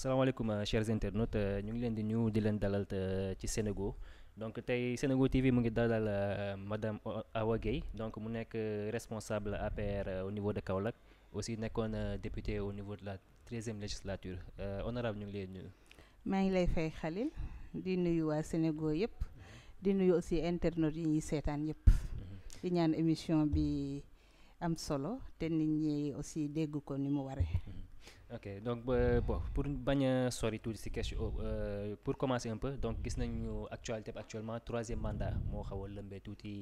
salaamaaleykum euh, cher internautes euh, ñu ngi leen di ñu di leen dalal euh, ci Sénégo donc tey Sénégo TV mu ngi dalal madame Awa Guèye donc mu nekk responsable APR au niveau de Kaolack aussi nekkoon député au niveau de la treizième législature honorable ñu ngi leen nuyu. maa ngi lay fay Khalil di nuyu waa Sénégo yëpp di nuyu aussi internautes yi ñuy seetaan yëpp mhm. di ñaan émission bi am solo te nit ñi aussi dégg ko ni mu waree. Mhm. ok donc euh, bon pour bañ a sori tuuti si question euh, pour commencer un peu donc gis nañu actualité bi actuellement troisième mandat moo xaw a lëmbee tuuti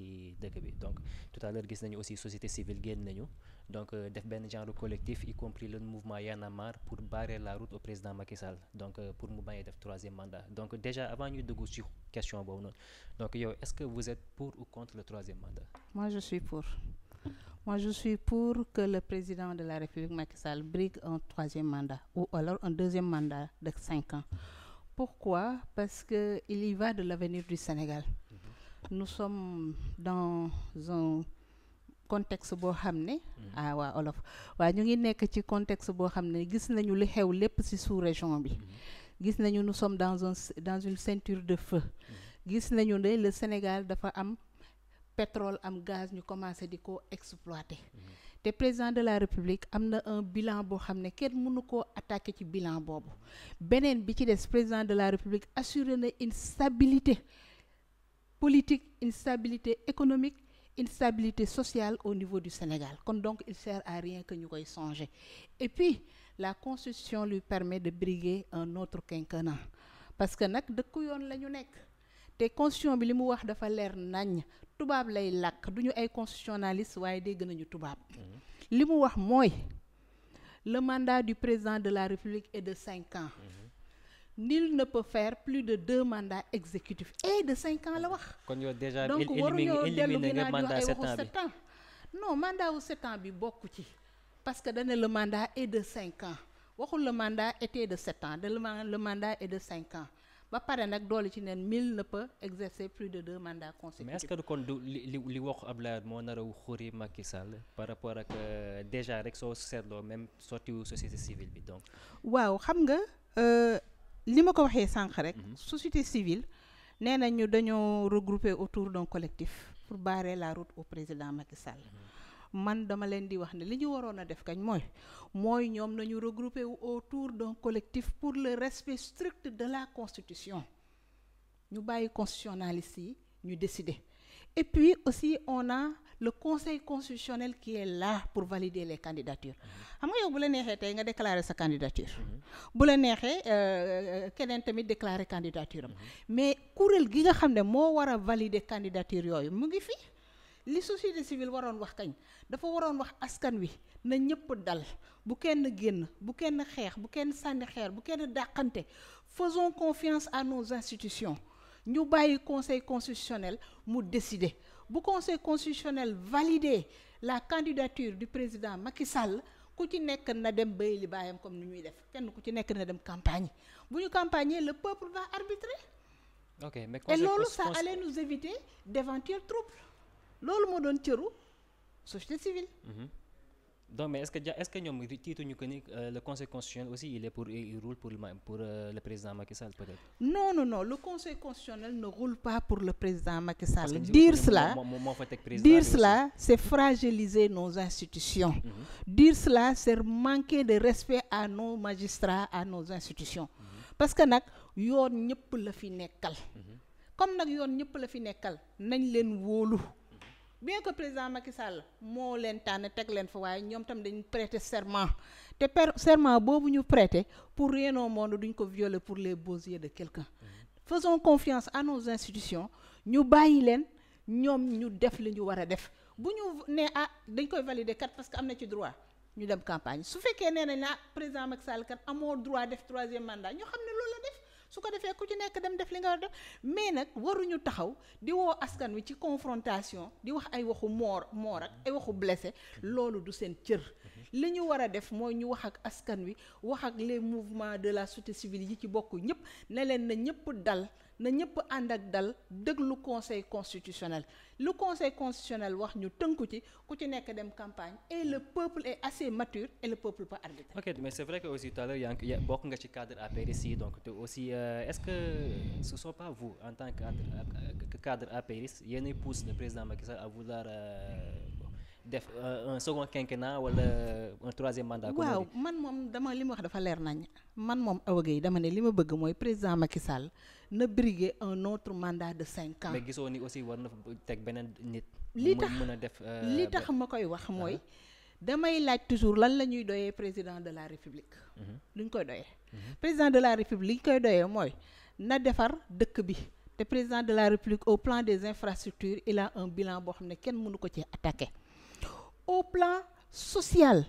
dëkk bi donc tout à l'heure gis nañu aussi société civile génn nañu donc euh, def benn genre collectif y compris le mouvement Y'en a pour barrer la route au président Macky Sall donc euh, pour mu bañ def troisième mandat donc déjà avant ñuy duggu ci question boobu noonu donc yow est-ce que vous êtes pour ou contre le troisième Moi, je suis pour que le président de la République, Macky Sall, brigue un troisième mandat ou alors un deuxième mandat de cinq ans. Pourquoi Parce qu'il y va de l'avenir du Sénégal. Mhm. Nous sommes dans un contexte boo xam ne mhm. ah waa olof waaye ñu ngi nekk ci contexte boo xam ne gis nañu li xew lépp ci sous région bi mhm. gis nañu nous sommes dans un dans une ceinture de feu gis nañu ne le Sénégal dafa am pétrole am gaz ñu commencé di ko exploiter te président de la république am na un bilan boo xam ne kenn mënu koo attaquer ci bilan boobu beneen bi ci des président de la république assuré na une stabilité politique une économique une stabilité sociale au niveau du Sénégal kon donc il sert à rien que ñu koy changer et puis la constitution luy permet de briguer un autre quinquennat parce que nag dëkku yoon la nekk te constitution bi li mu wax dafa leer nañ tubaab lay làkk duñu ay constitutionnaliste waaye dégg nañu tubaab mhm. li mu wax mooy le mandat du président de la République est de cinq ans mhm. nul ne peut plus de deux mandats exécutifs et eh, de cinq ans la wax. Mhm. kon yow donc waruñoo dellu ginnaaw ñu ay waxu sept ans non mandat wu bi bokk ci parce que dana le mandat est de cinq waxul le mandat était de sept ans da le mandat est de cinq ans ba pare nag doole ci neen mille ne peut exercer plus de deux mandats consécutifs. mais est-ce que kon li li li waxu Abdoulaye moo nar a xuri Macky Sall par rapport ak euh, déjà rek soo seetloo même sorti wu société civile bi donc. waaw xam nga euh, li ma ko waxee sànq rek. Mhm. société civile nee ñu dañoo regrouper autour d'un collectif pour barrer la route au président Macky Sall. Mhm. man dama leen di wax ne li ñu waroon a def kañ mooy mooy ñoom nañu regrouper wu autour d'un collectif pour le respect strict de la constitution ñu bàyyi constitutionnaliste yi ñu décider et puis aussi on a le conseil constitutionnel qui la pour valider les candidatures xam nga yow bu la neexee tey nga déclarer sa candidature bu la neexee euh, euh, keneen tamit déclarer candidature am mm-hmm. mais kuréel gi nga xam ne moo war a valider candidature yooyu mu ngi fi. li société civile waroon wax kañ dafa waroon wax askan wi na ñëpp dal bu kenn génn bu kenn xeex bu kenn sànni xeer bu kenn dàqante faisons confiance à nos institutions ñu bàyyi conseil constitutionnel mu décider bu conseil constitutionnel valider la candidature du président Macky Sall ku ci nekk na dem bay li baayam comme ni muy def kenn ku ci nekk na dem campagne bu ñu campagner la peuple va arbitrer. ok loolu ça allait nous éviter d'éventuels troubles. loolu moo doon cëru société civile. Mhm. donc mais est-ce que est-ce que ñoom tiituñu que ni euh, le conseil constitutionnel aussi il est pour il roule pour pour euh, le président Macky Sall peut-être. non non le conseil constitutionnel ne roule pas pour le président Macky Sall. dire cela dire cela c'est fragiliser nos institutions. Mhm. dire cela c'est manquer de respect à nos magistrats à nos institutions. Mhm. parce que nag yoon ñëpp la fi nekkal. comme nag yoon ñëpp la fi nekkal nañ leen wóolu. bien que président Macky Sall moo leen tànn teg leen fa waaye ñoom tamit dañu prêter serment te per serment boobu ñu prêter pour rien au monde duñ ko violer pour les beaux yeux de quelqu'un mm-hmm. faisons confiance à nos institutions ñu bàyyi leen ñoom ñu def li ñu war a def bu ñu nee ah dañ koy valider kat parce que am na ci droit ñu dem campagne su fekkee nee nañ ah président Macky Sall kat amoo droit def troisième mandat ñoo xam ne loolu la def su ko defee ku ci nekk dem def li nga war def mais nag waruñu taxaw di woo askan wi ci confrontation di wax ay waxu moor moor ak ay waxu blessé loolu du seen cër mhm. li ñu war a def mooy ñu wax ak askan wi wax ak les mouvement de la société civile yi ci bokk ñëpp ne leen na ñëpp dal na ñëpp ànd ak dal déglu conseil constitutionnel lu conseil constitutionnel wax ñu tënku ci ku ci nekk dem campagne et le peuple est assez mature et le peuple peut arbitrer. ok mais c' vrai que aussi tout à l' bokk nga ci cadre APR ici donc te aussi euh, est ce que ce sont pas vous en tant que cadre APR euh, yéenay pousse le président Macky Sall à vouloir. Euh, def euh, un second quinquennat wala un troisième mandat. waaw man moom dama li ma wax dafa leer nañ man moom Awa Gueye dama ne li ma bëgg mooy président Macky Sall na briguer un autre mandat de cinq ans. mais gisoo ni aussi war na teg beneen nit. li tax def euh, li ma koy wax ah. mooy. damay laaj toujours lan la ñuy doyee président de la république. Mhm. luñ koy doyee. Mhm. président de la république liñ koy doyee mooy na defar dëkk bi. te président de la république au plan des infrastructures il a un bilan boo xam ne kenn mënu ko ci attaqué. au plan sociale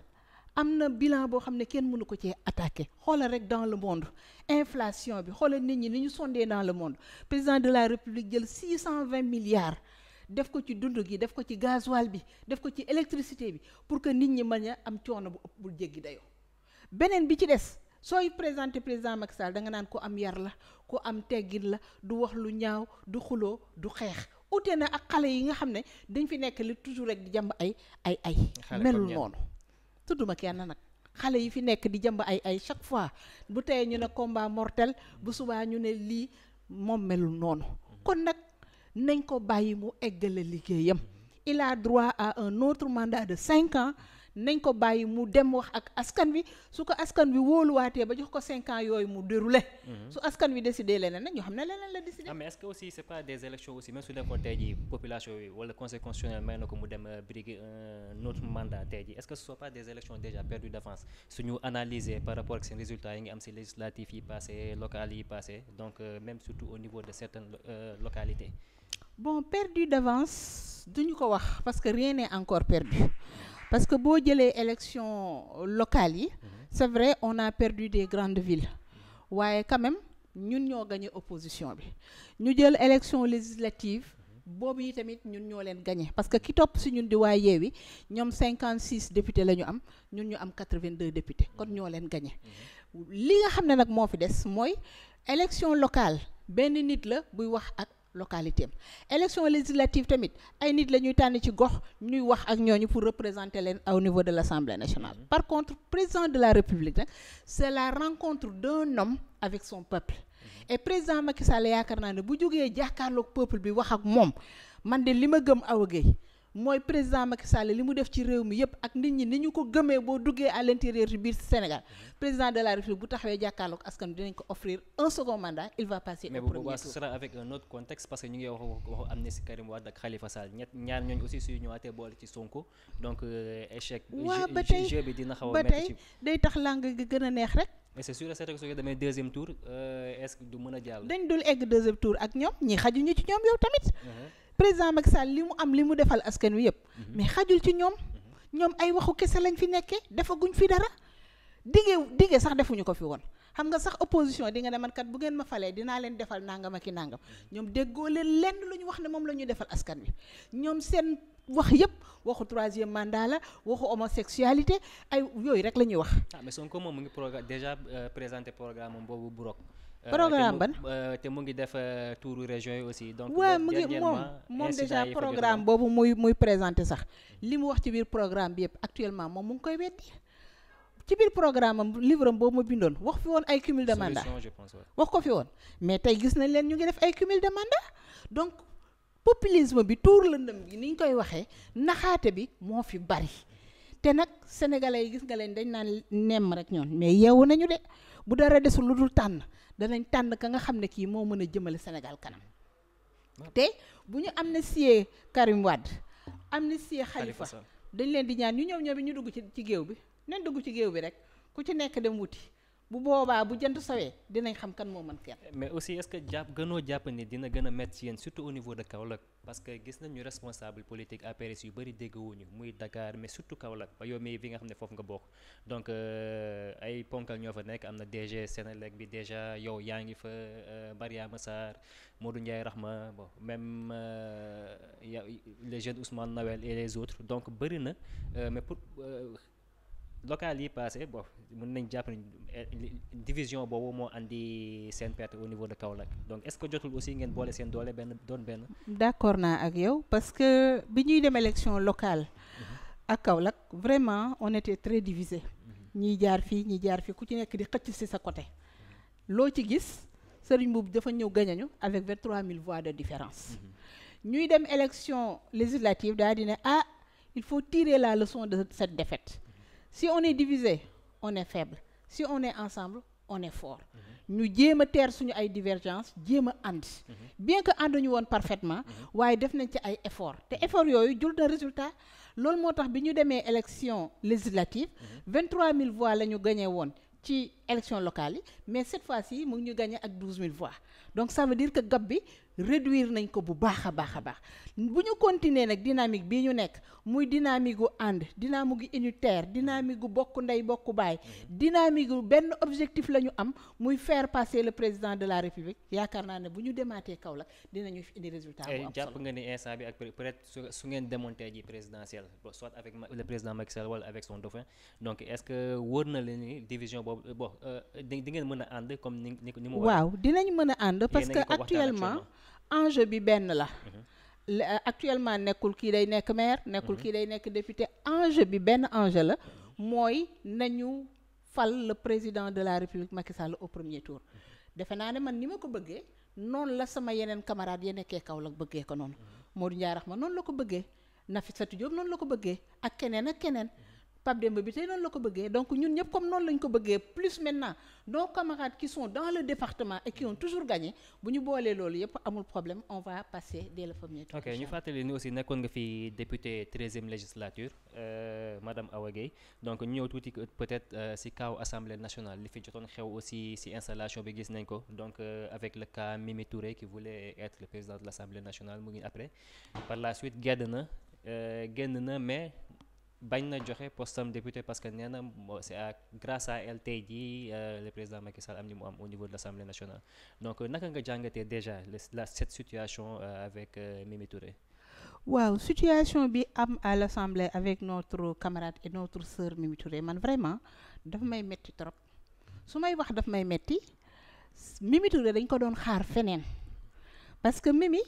am na bilan boo xam ne kenn mënu ko cee attaqué xoolal rek dans le monde inflation bi xoolal nit ñi ni ñu sondee dans le monde président de la république jël cent vingt milliards def ko ci dund gi def ko ci gasoil bi def ko ci électricité bi pour que nit ñi mën a am coono bu ëpp bu jéggi dayoo beneen bi ci des sooy présenté président Macky danga naan ko am yar la ko am teggin la du wax lu ñaaw du xuloo du xeex ute na ak xale yi nga xam ne dañ fi nekk li toujours rek di jamb ay ay ay melul noonu tudduma kenn nag xale yi fi nekk di jàmb ay ay chaque fois bu tey ñu ne combat mortel bu subaa ñu ne lii moom melul noonu mm-hmm. kon nag nañ ko bàyyi mu eggale liggéeyam il droit à un autre mandat de cinq ans nañ ko bàyyi mu dem wax ak askan wi su ko askan wi wóoluwaatee ba jox ko cinq ans yooyu mu déroulé. Mhm. su askan wi décidé leneen nag ñu xam ne leneen la décidé. ah mais est-ce que aussi c'est pas des élections aussi même su nekkoon tey jii population yi wala conseil constitutionnel may na ko mu dem euh, briguer un autre mandat tey jii est-ce que ce sont pas des élections déjà perdues d'avance suñu analyser par rapport ak seen résultats yi nga am ci législatives yi passé locales yi passé donc euh, même surtout au niveau de certaines euh, localités. bon perdu d'avance duñu ko wax parce que rien n'est encore perdu. parce que boo jëlee élections locales yi mhm. c'est vrai on a perdu des grandes ville waaye quand ñun ñoo gagné opposition bi ñu jël élection législative mhm. boobu yi tamit ñun ñoo leen gagné parce que ki topp si ñun di waa Yewwi ñoom 56 députés la ñu am ñun ñu am 82 députés mhm. kon ñoo leen gagné li nga xam ne nag moo fi des mooy élection locale benn nit la buy wax ak localité am élection législative tamit ay nit la ñuy tànn ci gox ñuy wax ak ñooñu pour représenter leen au niveau de l'Assemblée nationale mm-hmm. par contre président de la République nag c'est la rencontre d'un homme avec son peuple mm-hmm. et président Macky Sall yaakaar naa ne bu jógee jàkkaarloog peuple bi wax ak moom man de li ma gëm Awa Gueye mooy président Macky Sall li mu def ci réew mi yëpp ak nit ñi ni ñu ko gëmee boo duggee à l'intérieur du biir Sénégal président de la République bu taxawee jàkkaarloog askan dinañ ko offrir un second mandat il va passer au premier tour bu boobaa ce sera avec un que ñu ngi wax waxu amnistie Karim ñett ñaar ñooñu aussi suy ñëwaatee boole ci Sonko donc euh, échec. waaw ba bi dina xaw a day tax làng gi gën neex rek. mais c'est sûr et certain que soo demee deuxième tour euh, est-ce que du mën a jàll. dañ tour ak ñoom ñi xajuñu ci ñoom yow président Macky Sall li mu am li mu defal askan wi yëpp mhm. mais xajul ci ñoom mhm. ñoom ay waxu kese lañ fi nekkee defaguñ fi dara dige dige sax defuñu ko fi woon xam nga sax opposition di nga deman kat bu ngeen ma falee dinaa leen defal nangam ak nangam mhm. ñoom déggoo leen lenn lu ñu wax ne moom la ñuy defal askan wi ñoom seen wax yëpp waxu troisième mandat la waxu homosexualité ay yooyu rek la ñuy wax. ah mais Sonko moom mu ngi déjà euh, présenté programme boobu bu Euh, programme ban euh, te mu ngi def euh, tuuru région yi aussi. donc waaw mu ngi moom moom déjà programme boobu muy muy présenté sax li mu wax ci biir programme bi yëpp actuellement moom mu ngi koy weddi ci biir programme am livre am boobu ma bindoon wax fi woon ay cumul de mandat wax ko fi woon mais tey gis na leen ñu ngi def ay cumul de mandat donc populisme bi tuur lëndëm gi ni ñu koy waxee naxaate bi moo fi bari te nag sénégalais yi gis nga leen dañ naan nemm rek ñoom mais yeewu nañu de bu dara desul lu dul tànn danañ tànn ka nga xam ne kii moo mën a jëmale Sénégal kanam ah. te bu ñu am amnistier Karim Wade amnistier Khalifa dañ leen di ñaan ñu ñëw ñëw bi ñu dugg ci ci géew bi nañ dugg ci géew bi rek ku ci nekk dem wuti bu boobaa bu jënd sawee dinañ xam kan moo man kenn. mais aussi est que jàpp gënoo jàpp ni dina gën a métti yéen surtout au niveau de Kaolack parce que gis nañu responsable politique APRS yu bëri déggowuñu muy Dakar mais surtout Kaolack ba yow mii fi nga xam ne foofu nga bokk donc euh, ay ponkal ñoo fa nekk am na DG Sénélec bi déjà yow yaa ngi fa euh, Mariama Sarr Modou Ndiaye Rahma bo même euh, les jeunes Ousmane Nawel et les autres donc bëri na local yi passé bon mën nañ jàpp ne eh, division boobu moo andi seen perte au niveau de Kaolack donc est-ce que jotul aussi ngeen boole seen doole benn doon benn d'accord naa ak yow parce que bi ñuy dem élection locale mhm. ak Kaolack vraiment on était très divisé mhm. ñii jaar fii ñii jaar fii ku ci nekk di xëcc si sa côté loo ci gis Serigne Mboup dafa ñëw gañañu avec vingt-trois mille voix de différence mhm. ñuy dem élection législative daal di ne ah il faut tirer la leçon de cette défaite si on est divisé on est faible si on est ensemble on est fort ñu jéem a teer suñu ay divergence jéem a ànd bien que ànduñu woon parfaitement waaye def nañ ci ay effort te effort yooyu jul na résultat loolu moo tax bi ñu demee élection législative vingt-trois mille voix la ñu gagné woon ci élection locale yi mais cette fois yi mu ngi ñu gagné ak douze mille voix donc ça veut dire que gap bi réduire nañ ko bu baax a baax a baax bu ñu continuer nag dynamique bii ñu nekk muy dynamique gu ànd dynamique gu unitaire dynamique gu bokk ndey bokk baay dynamique gu benn objectif la ñu am muy faire passer le président de la république yaakaar naa ne bu ñu demaatee Kaolack dinañu eh, am solo jàpp nga ni instant bi ak peut-être su ngeen démonté ji présidentielle soit avec le président Macky Sall wala avec son dauphin donc est-ce que wóor na la ni division boobu euh, euh, a ànd comme ni ni mu waaw dinañ mën a ànd parce que actuellement enjeu bi benn la mhm. euh, actuellement nekkul kii day nekk maire nekkul mhm. kii day nekk député enjeu bi benn enjeu la mhm. mooy nañu fal la président de la république Macky Sall au premier tour defe naa ne man ni ma ko bëggee noonu la sama yeneen camarade ya nekkee Kaolack bëggee ko noonu moo du Ndiaye ma noonu la ko bëggee Nafissatou Diop noonu la ko bëggee ak keneen ak keneen Pape Demba bi tey noonu la ko bëggee donc ñun ñëpp comme noonu lañ ko bëggee plus maintenant nos camarades qui sont dans le département et qui ont toujours gagné bu ñu boolee loolu yëpp amul problème on va passer dès le premier tour. ok ñu fàttali ni aussi nekkoon nga fi député treizième législature euh, madame Awa Guèye donc ñu ñëw tuuti peut-être euh, si kaw assemblée nationale li fi jotoon xew aussi si installation bi gis nañ ko donc euh, avec le cas Mimi Touré qui voulait être le président de mu ngi après par na génn na mais. bañ na joxe postam député parce que nee na c'est à grâce à elle tey euh, le président Macky Sall am ni mu am au niveau de l'Assemblée nationale donc euh, naka nga jàngatee déjà la cette situation euh, avec Mimi waaw situation bi am à l'Assemblée avec notre camarade et notre seur Mimi man vraiment dafa may metti trop su may wax daf may metti Mimi Touré dañ ko doon xaar feneen parce que Mimi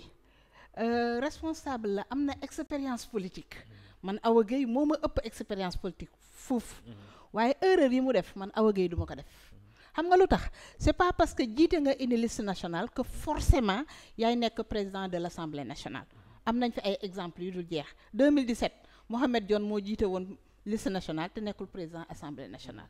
responsable la am na expérience politique. man Awa Gueye moo ma ëpp expérience politique foofu waaye erreur yi mu def man Awa Gueye duma ko def xam nga lu tax c'est pas parce que jiite nga une liste nationale que forcément yaay nekk président de l'Assemblée nationale am nañ fi ay exemples yu dul jeex 2017 Mohamed Dione moo jiite woon liste nationale te nekkul président Assemblée nationale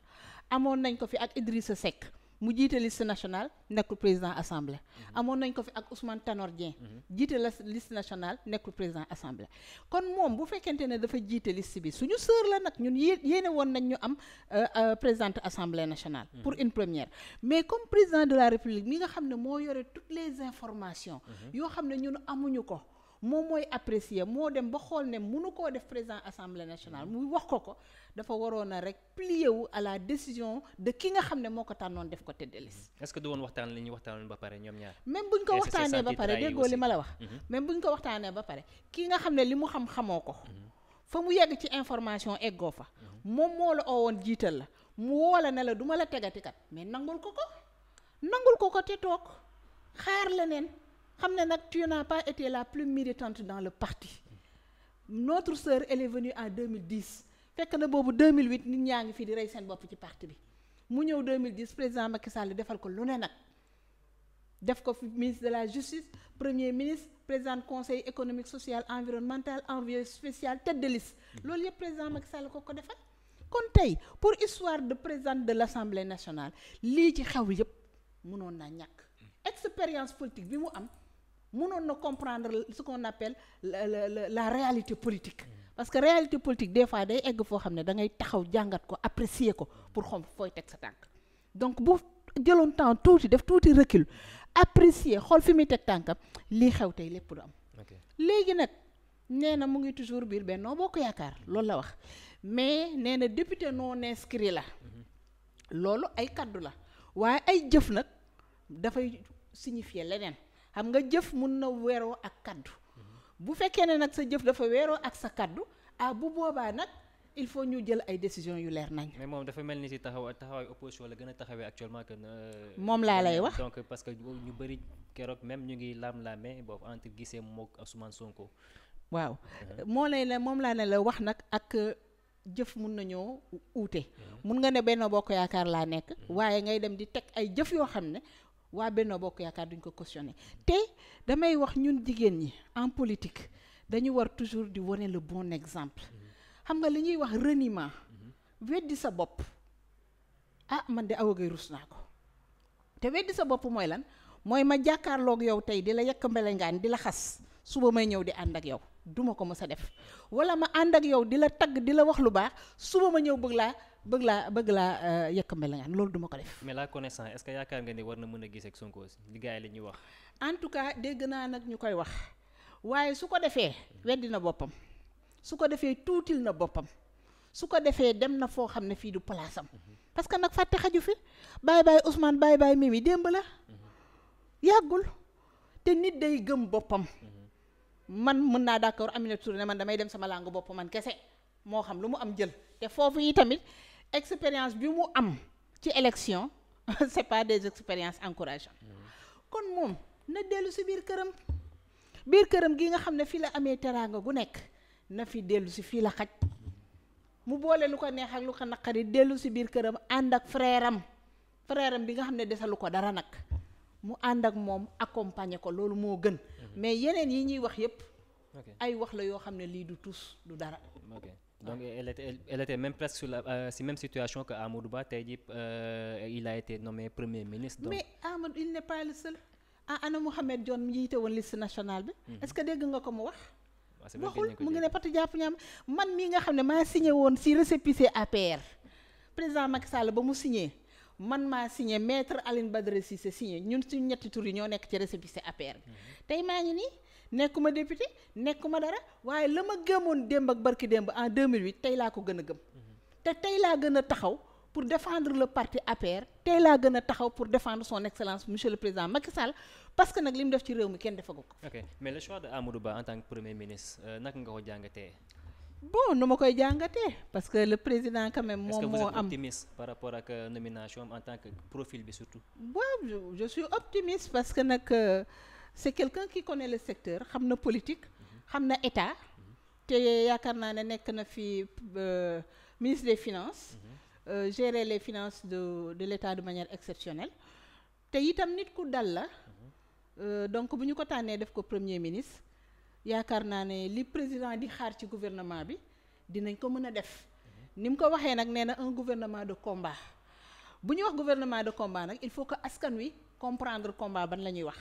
amoon nañ ko fi ak Idrissa Seck mu jiite liste nationale nekkul président assemblée. amoon nañ ko fi ak Ousmane Tanor Dieng. Mhm. jiite la liste nationale nekkul président assemblée. kon moom bu fekkente ne dafa jiite liste bi suñu sœur la nag ñun yéene woon nañ ñu am euh, euh, présidente assemblée nationale. Mhm. pour une première mais comme président de la république mi nga xam ne moo yore toutes les informations. Mhm. yoo xam ne ñun amuñu ko. moom mooy apprécier moo dem ba xool ne mënu koo def président assemblée nationale mm. mu wax ko ko dafa waroon a rek plier wu à la décision de ki nga xam ne moo ko tànnoon def ko te de liste. Mm-hmm. est que du woon waxtaan li ñu waxtaanoon ba pare ñoom ñaar. même bu ñu ko waxtaanee ba pare déggoo li ma la wax. Mm-hmm. même bu ñu ko waxtaanee ba pare ki nga xam ne li mu xam xamoo ko. Mm-hmm. fa mu yegg ci information eggoo fa moom moo la oo jiital la mu woo ne la du ma la tegatikat mais nangul ko ko nangul ko ko te toog xaar leneen xam ne nag tu n'as pas été la plus militante dans le parti notre sœur elle est venue en 2010 fekk na boobu 2008 nit ñaa ngi fii di rey seen bopp ci parti bi mu ñëw 2010 président Macky Sall defal ko lu ne nag def ko fi ministre de la justice premier ministre président conseil économique social environnemental envoyé spécial tête de liste loolu yëpp président Macky Sall ko ko defal kon tey pour histoire de président de l'Assemblée nationale lii ci xew yëpp mënoon naa ñàkk expérience politique bi mu am mënoon na comprendre ce qu'on appelle la la la réalité politique. parce que réalité politique des fois day egg foo xam ne dangay taxaw jàngat ko apprécier ko pour xam fooy teg sa tànk donc bu jëloon temps tuuti def tuuti recul apprécier xool fi muy teg tànkam lii xew tey lépp lu am. léegi nag nee na mu ngi toujours biir Benno Bokk Yaakaar loolu la wax mais nee na député non inscrit la mhm. loolu ay kaddu la waaye ay jëf nag dafay signifier leneen. xam nga jëf mun na weeroo ak kaddu bu fekkee ne nag sa jëf dafa weeroo ak sa kaddu ah bu boobaa nag il faut ñu jël ay décisions yu leer nañ. mais moom dafa mel ni si taxaw taxawaayu opposition la gën a taxawee actuellement que. Euh, moom laa lay wax donc parce que ñu bëri keroog même ñu ngi laam-laamee boobu entre gisee moog Ousmane Sonko. waaw uh-huh. moo lay la moom laa ne la wax nag ak euh, jëf mun nañoo uute. Uh-huh. mun nga ne benn bokk yaakaar laa nekk. Uh-huh. waaye ngay dem di teg ay jëf yoo xam ne. waa Benno Bokk Yaakaar duñ ko cautionné te damay wax ñun jigéen ñi en politique dañu war toujours di wane le bon exemple mm-hmm. xam nga li ñuy wax reniement mm-hmm. weddi sa bopp ah man de awagay ruus naa ko te weddi sa bopp mooy lan mooy ma jàkkaarloog yow tey di la yekk mbelengaan di la xas suba may ñëw di ànd ak yow duma ko mës a def wala ma ànd ak yow di la tagg di la wax lu baax suba ma ñëw bëgg laa bëgg laa bëgg laa euh, yëkkame la nga xam loolu duma ko def. mais la connaissance est-ce que yaakaar nga ni war na mën a gis ak Sonko si li la ñuy wax. en tout cas dégg naa nag ñu koy wax waaye su ko defee weddi na boppam su ko defee tuutil na boppam su ko defee dem na foo xam ne fii du place am parce que nag fàtte xaju fi bàyyi bàyyi Ousmane bàyyi bàyyi Mimi démb la yàggul te nit day gëm boppam man mën naa d'accord Aminata Touré ne man damay dem sama làngu bopp man kese moo xam lu mu am jël expérience bi mu am ci élection c'est pas des expériences encourageantes kon moom na dellu si biir këram biir këram gi nga xam ne fii la amee teraanga gu nekk na fi dellu si fii la xaj mu boole lu ko neex ak lu ko naqari dellu si biir këram ànd ak frère am bi nga xam ne desalu ko dara nag mu ànd ak moom accompagner ko loolu moo gën mais yeneen yi ñuy wax yépp ay wax la yoo xam ne lii du tus du dara donc elle était elle était même presque sur la euh, si même situation que Amadou Ba tey jii euh, il a été nommé premier ministre. donc mais ah, woon liste nationale bi. Mhm. est que dégg nga ko mu wax. waxul mu ngi ne pati jàpp ñaam man mi nga xam ne maa signé woon si récépissé APR président Macky Sall ba mu signé man maa metre maître Aline si Cissé signé ñun suñu ñetti tur yi ñoo nekk ci récépissé APR bi mhm. tey maa ngi nii. nekkuma député nekkuma dara waaye la ma gëmoon démb ak barki démb en 2008 tey laa ko gën a gëm. Mm-hmm. te tey laa gën a taxaw pour défendre la parti APR tey laa gën a taxaw pour défendre son excellence monsieur le président Macky Sall parce que nag li mu def ci réew mi kenn defagu ko. ok mais le choix de Amadou Ba en tant que premier ministre euh, naka nga ko jàngatee. bon nu ma koy jàngatee parce que le président quand même moom moo am par rapport ak euh, nomination en tant que profil bi surtout. waaw je suis c'est quelqu'un qui connaît le secteur xam na politique xam na état te yaakaar naa ne nekk na fi euh, ministre des finances euh, gérer les finances de l'état de manière exceptionnelle te itam nit ku dal la euh, donc bu ñu ko tànnee def ko premier ministre yaakaar naa ne li président di xaar ci gouvernement bi dinañ ko mën a def ni mu ko waxee nag nee na un gouvernement de combat bu ñu wax gouvernement de combat nag il faut que askan wi comprendre combat ban la ñuy wax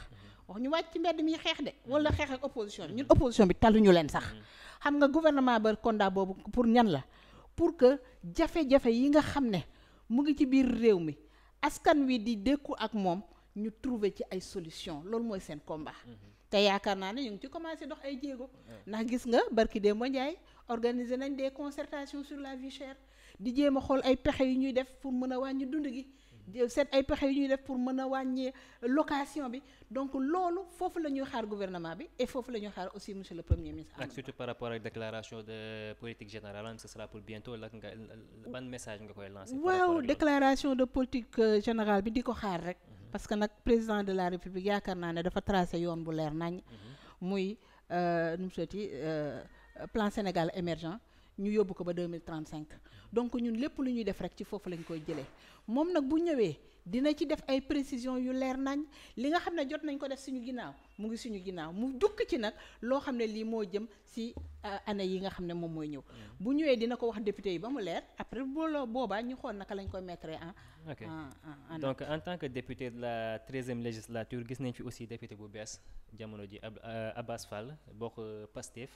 wax ñu wàcc ci mbedd mi xeex de wala mm-hmm. xeex ak opposition bi ñun mm-hmm. opposition bi taluñu leen sax mm-hmm. xam nga gouvernement ba Kolda boobu pour ñan la pour que jafe-jafe yi nga xam ne mu ngi ci biir réew mi askan wi di dékku ak moom ñu trouver ci ay solution loolu mooy seen combat te yaakaar naa ne ñu ngi ci commencé dox ay jéego ndax gis nga barki Demba Ndiaye organiser nañ des concertations sur la vie chère di jéem a xool ay pexe yu ñuy def pour mën a wàññi dund gi seet ay pexe yu ñuy def pour mën a wàññee location bi donc loolu foofu la ñuy xaar gouvernement bi et foofu la ñuy xaar aussi monsieur le premier ministre. ak surtout par rapport ak déclaration de politique générale ce sera pour bientôt message nga koy lancer. waaw déclaration de politique euh, générale bi di ko xaar rek. Mhm. parce que nag président de la république yaakaar naa ne dafa tracé yoon bu leer nañ mhm. muy euh, nu mu euh, plan Sénégal émergent. ñu yóbbu ko ba 2035 donc ñun lépp lu ñuy def rek ci foofu lañ koy jëlee moom nag bu ñëwee dina ci def ay précisions yu leer nañ li nga xam ne jot nañ ko def suñu ginnaaw mu ngi suñu ginnaaw mu dukk ci nag loo xam ne lii moo jëm si euh, année yi nga xam ne moom mooy ñëw mm. bu ñëwee dina ko wax député yi ba mu leer après booloo boobaa ñu xool naka lañ koy mettre en ok donc en tant que député de la treizième législature gis nañ fi aussi député bu bees jamono ji euh, Abbas Fall bokk euh, Pastef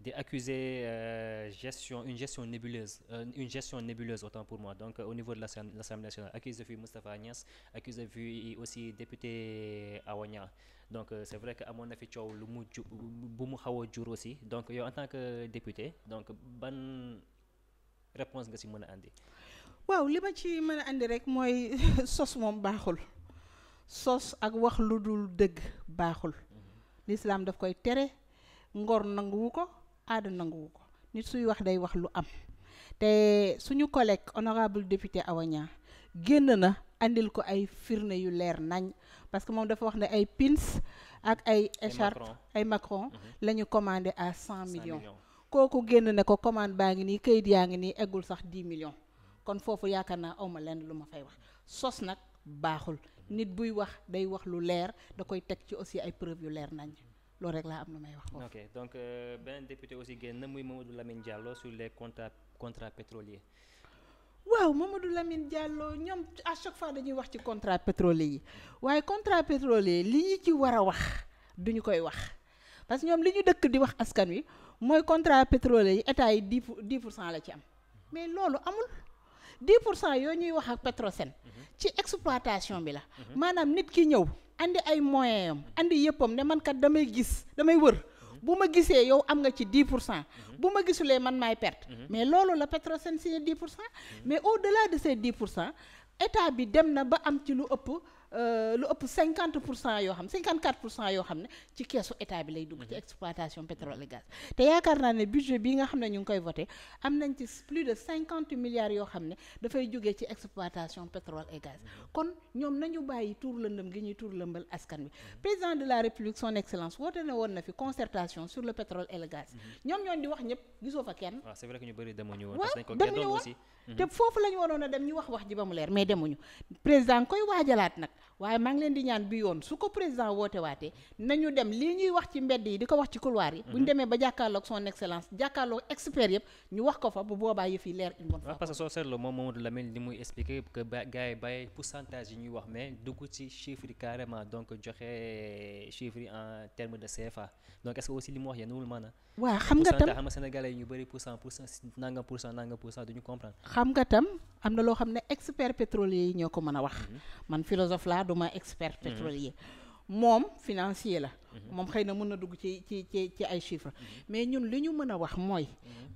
di accuser gestion une gestion nébuleuse une gestion nébuleuse autant pour moi donc au niveau de l'Assemblée nationale accuse fi Moustapha Niass accuse fi aussi député Awa donc euh, c' est vrai que amoon na fi coow lu mu ju bu mu xaw a jur aussi donc yow en tant que député donc ban réponse nga si mën a andi. waaw li ma ci mën a andi rek mooy sos moom baaxul sos ak wax lu dul dëgg baaxul. Mhm. lislaam daf koy tere ngor nanguwu ko aada nanguwu ko nit suy wax day wax lu am te suñu collègue honorable député Awa génn na indil ko ay firnde yu leer nañ. parce que moom dafa wax ne ay pins ak ay écharpe ay macron mhm. la ñu commandé à cent millions kooku génn ne ko commande baa ngi nii kayit yaa ngi nii eggul sax dix million kon foofu yaakaar naa awma leen lu ma fay wax sos nag baaxul mhm. nit buy wax day wax lu leer da koy teg ci aussi ay preuve yu leer nañ loolu rek laa am lu may wax foofu ok donc euh, beneen aussi génn muy Mamadou Lamine Diallo sur les contrats contrats pétroliers waaw Mamadou Lamine Diallo ñoom à chaque fois dañuy wax ci contrat pétrolier yi waaye contrat pétrolier li ñu ci war a wax duñu koy wax parce que ñoom li ñu dëkk di wax askan wi mooy contrat pétrolier yi état yi dix dix pour cent la ci am mais loolu amul dix pour cent yooyu ñuy wax ak Petrosen ci exploitation bi la mhm. maanaam nit ki ñëw andi ay moyens am andi yëppam ne mankat damay gis damay wër bu ma gisee yow am nga ci 10 pour cent mhm. bu ma gisulee man maay perte mhm. mais loolu la Petrosen signé 10 pour cent mhm. mais au delà de ces 10 pour cent état bi dem na ba am ci lu ëpp Euh, lu ëpp cinquante pour cent yoo xam cinquante quatre pour cent yoo xam ne ci keesu état bi lay dugg ci mhm. exploitation pétrole et gaz te yaakaar naa ne budget bii nga xam ne ñu ngi koy voté am nañ ci plus de milliards yoo xam ne dafay jóge ci exploitation pétrole et gaz mhm. kon ñoom nañu bàyyi tuur lëndëm gi ñuy tuur lëmbal askan wi mhm. président de la république son excellence woote na woon na fi concertation sur le pétrole et le gaz ñoom ñoon di wax ñëpp gisoo fa kenn waaw c'est vrai que ñu bëri demuñu woon te foofu la ñu waroon a dem ñu wax wax ji ba mu leer mais demuñu président koy waajalaat nag waaye maa ngi leen di ñaan bi yoon su ko président woote waatee nañu dem lii ñuy wax ci mbedd yi di ko wax ci couloir yi. bu ñu mhm. demee ba jàkkaarloog son excellence jàkkaarloog expert yëpp ñu wax ko fa bu boobaa yëf yi leer une bonne fois. parce soo seetloo moom Mamadou Lamine li muy expliquer que ba gars yi bàyyi yi ñuy wax mais dugg ci chiffre carrément donc joxe chiffre en terme de CFA donc est ce que aussi li mu wax yéen wul maanaam. waaw xam nga tam pourcentage xam nga sénégalais am na loo xam ñoo ko mën a wax mhm. duma expert mm-hmm. pétrolier moom financier la mm-hmm. moom xëy na mën na dugg ci ci ci ci ay chiffres mm-hmm. mais ñun li ñu mën a wax mooy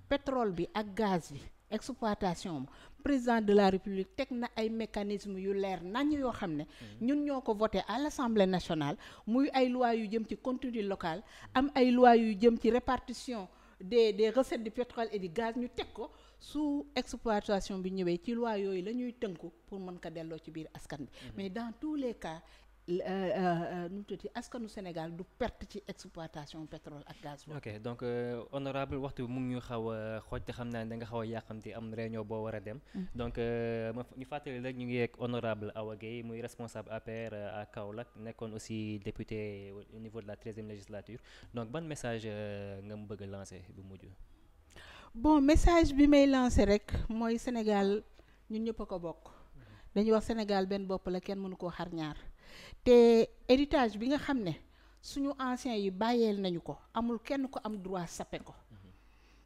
pétrole bi ak gaz bi exploitation président de la république teg na ay mécanismes yu leer nañ yoo xam ne ñun ñoo ko voté à l'assemblée nationale muy ay loi yu jëm ci contenu locale am ay loi yu jëm ci répartition des des recettes du pétrole et du gaz ñu teg ko su exploitation bi ñëwee ci loi yooyu la ñuy tënku pour mën ko delloo ci biir askan bi mm-hmm. mais dans tous les cas euh, euh, euh, nu mu tuddati askanu Sénégal du perte ci exploitation pétrole ak gaz boobu. ok donc honorable waxtu bi mu ngi ñu xaw a xooj te xam naa ne da nga xaw a yàqamti am réunion boo war a dem. Mm-hmm. donc ma ñu fàttali rek ñu ngi yeeg honorable Awa Gueye muy responsable APR à Kaolack nekkoon aussi député au niveau de la treizième législature donc ban message nga mu bëgg a lancer bu mujj. bon message bi may lancé rek mooy Sénégal ñun ñëpp a ko bokk dañuy wax Sénégal benn bopp la kenn mënu koo xar ñaar te éritage bi nga xam ne suñu anciens yi bàyyeel nañu ko amul kenn ko am droit sappe ko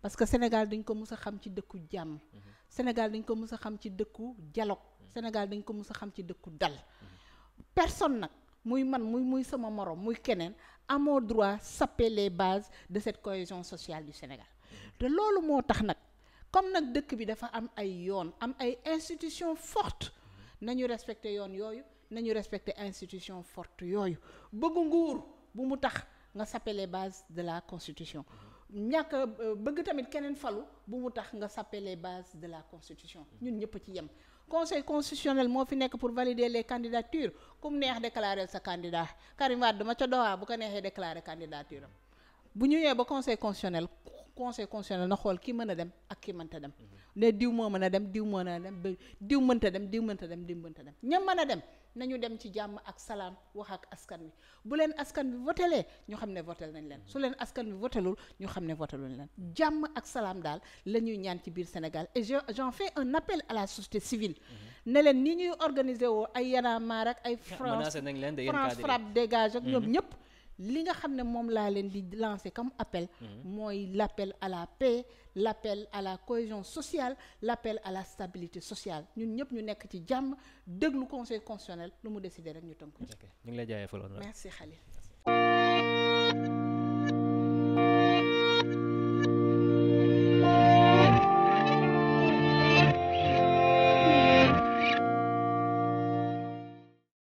parce que Sénégal dañ ko mus a xam ci dëkku jàmm Sénégal dañ ko mus a xam ci dëkku dialogue Sénégal dañ ko mus a xam ci dëkku dal personne nag muy man muy muy sama moroom muy keneen amoo droit saper les bases de cette cohésion sociale du Sénégal te loolu moo tax nag comme nag dëkk bi dafa am ay yoon am ay institution forte nañu respecté yoon yooyu nañu respecté institution forte yooyu bëgg nguur bu mu tax nga sappe les bases de la constitution ñàkk euh, bëgg tamit keneen falu bu mu tax nga sappe les bases de la constitution ñun ñëpp ci yem conseil constitutionnel moo fi nekk pour valider les candidatures ku mu neex déclarer sa candidat Karim Wade dama ca Doha bu ko neexee déclarer candidature am bu ñu ñëwee conseil constitutionnel na xool ki mën a dem ak ki mënta dem ne diw moo mën a dem diw mën a dem diw mënta dem diw mënta dem diw mënta dem ña mën a dem nañu dem ci jàmm ak salaam wax ak askan wi bu leen askan bi votelee ñu xam ne votel nañ leen su leen askan bi votelul ñu xam ne voteluñ leen jàmm ak salaam daal la ñuy ñaan ci biir Sénégal et je j'en fais un appel à la société civile mhm. ne leen ni ñuy organiser woo ay Y'en a marre ak ay France France frappe dégage ak ñoom mhm. ñëpp li nga xam ne moom laa leen di lancer comme appel mhm. mooy l'appel à la paix l'appel à la cohésion sociale l'appel à la stabilité sociale ñun ñëpp ñu nekk ci jàmm déglu conseil constitutionnel lu mu décider rek ñu tënk ko. ñu ngi lay jaayee fële merci Khalil.